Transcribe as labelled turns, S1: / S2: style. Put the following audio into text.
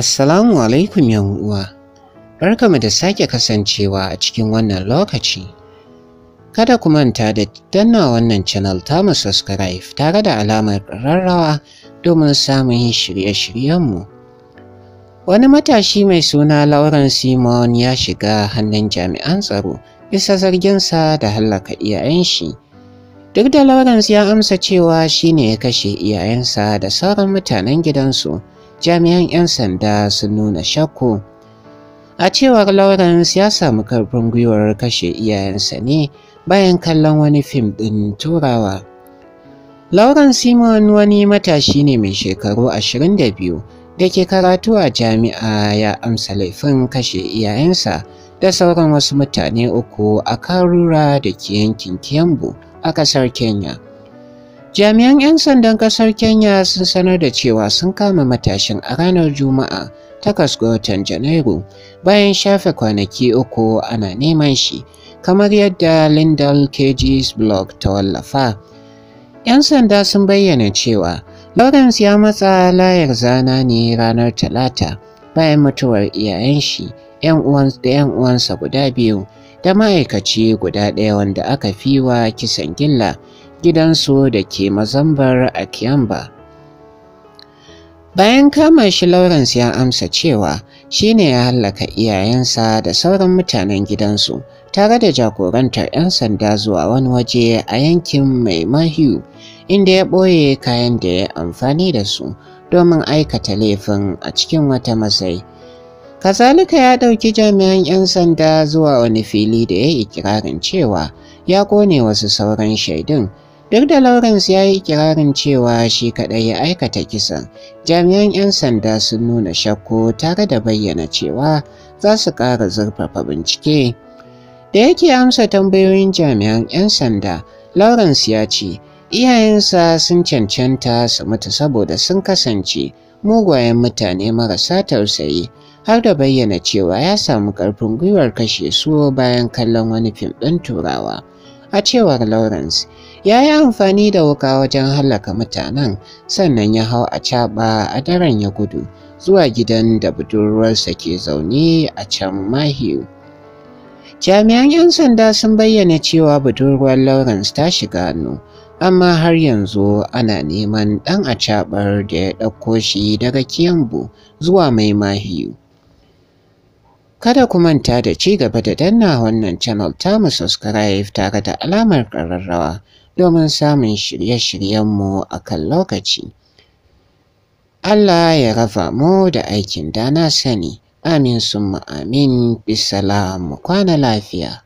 S1: Assalamu alaikum uwa. Barkamu da sake kasancewa a cikin wannan lokaci. Kada ku manta da danna wannan channel mu subscribe tare da alamar rarrawa domin samun yin shirye-shiryenmu. Wani matashi mai suna Lauren Simon ya shiga hannun jami'an tsaro isa zarginsa da hallaka iyayen shi. Duk da Lawrence ya amsa cewa shi ne ya kashe iyayensa da sauran mutanen gidansu. jami'an 'yan sanda sun nuna shakku a cewar lawrence ya samu karfin gwiwar kashe iyayensa ne bayan kallon wani fim ɗin turawa lauren simon wani matashi ne mai shekaru 22 da ke karatu a jami'a ya amsa laifin kashe iyayensa da sauran wasu mutane uku a karura da ke yankin kiambu a ƙasar kenya Jami'an 'yan sandan ƙasar Kenya sun sanar da cewa sun kama matashin a ranar Juma'a takwas ga watan Janairu bayan shafe kwanaki uku ana neman shi kamar yadda Lindal KG's blog ta wallafa. 'Yan sanda sun bayyana cewa Lawrence ya matsa layar zana ne ranar Talata bayan mutuwar iyayen shi da 'yan uwansa guda biyu da ma'aikaci guda ɗaya wanda aka fi wa kisan gilla gidansu da ke mazambar a Kiyamba. Bayan kama shi Lawrence ya amsa cewa shi ne ya hallaka iyayensa da sauran mutanen gidansu tare da jagorantar 'yan sanda zuwa wani waje a yankin mai mahiu inda ya ɓoye kayan da ya amfani da su domin aikata laifin a cikin wata masai. Kazalika ya ɗauki jami'an 'yan sanda zuwa wani fili da ya yi ikirarin cewa ya ƙone wasu sauran shaidun Duk da Lawrence ya yi ikirarin cewa shi kaɗai ya aikata kisan, jami'an 'yan sanda sun nuna shakku tare da bayyana cewa za su ƙara zurfafa bincike. Da yake amsa tambayoyin jami'an 'yan sanda, Lawrence ya ce, iyayensa sun cancanta su mutu saboda sun kasance mugayen mutane marasa tausayi har da bayyana cewa ya samu ƙarfin gwiwar kashe su bayan kallon wani fim ɗin turawa. A cewar Lawrence, ya yi amfani da wuka wajen hallaka mutanen sannan ya hau a caɓa a daren ya gudu zuwa gidan da budurwarsa ke zaune a can mahiyu jami'an 'yan sanda sun bayyana cewa budurwar lawrence ta shiga hannu amma har yanzu ana neman ɗan acaɓar da ya ɗauko shi daga kiyambu zuwa mai mahiyu kada ku manta da ci gaba da danna wannan channel ta mu subscribe tare da alamar ƙararrawa domin samun shirye-shiryenmu a kan lokaci. Allah ya rafa mu da aikin da na sani, amin summa amin, bisalamu kwana lafiya.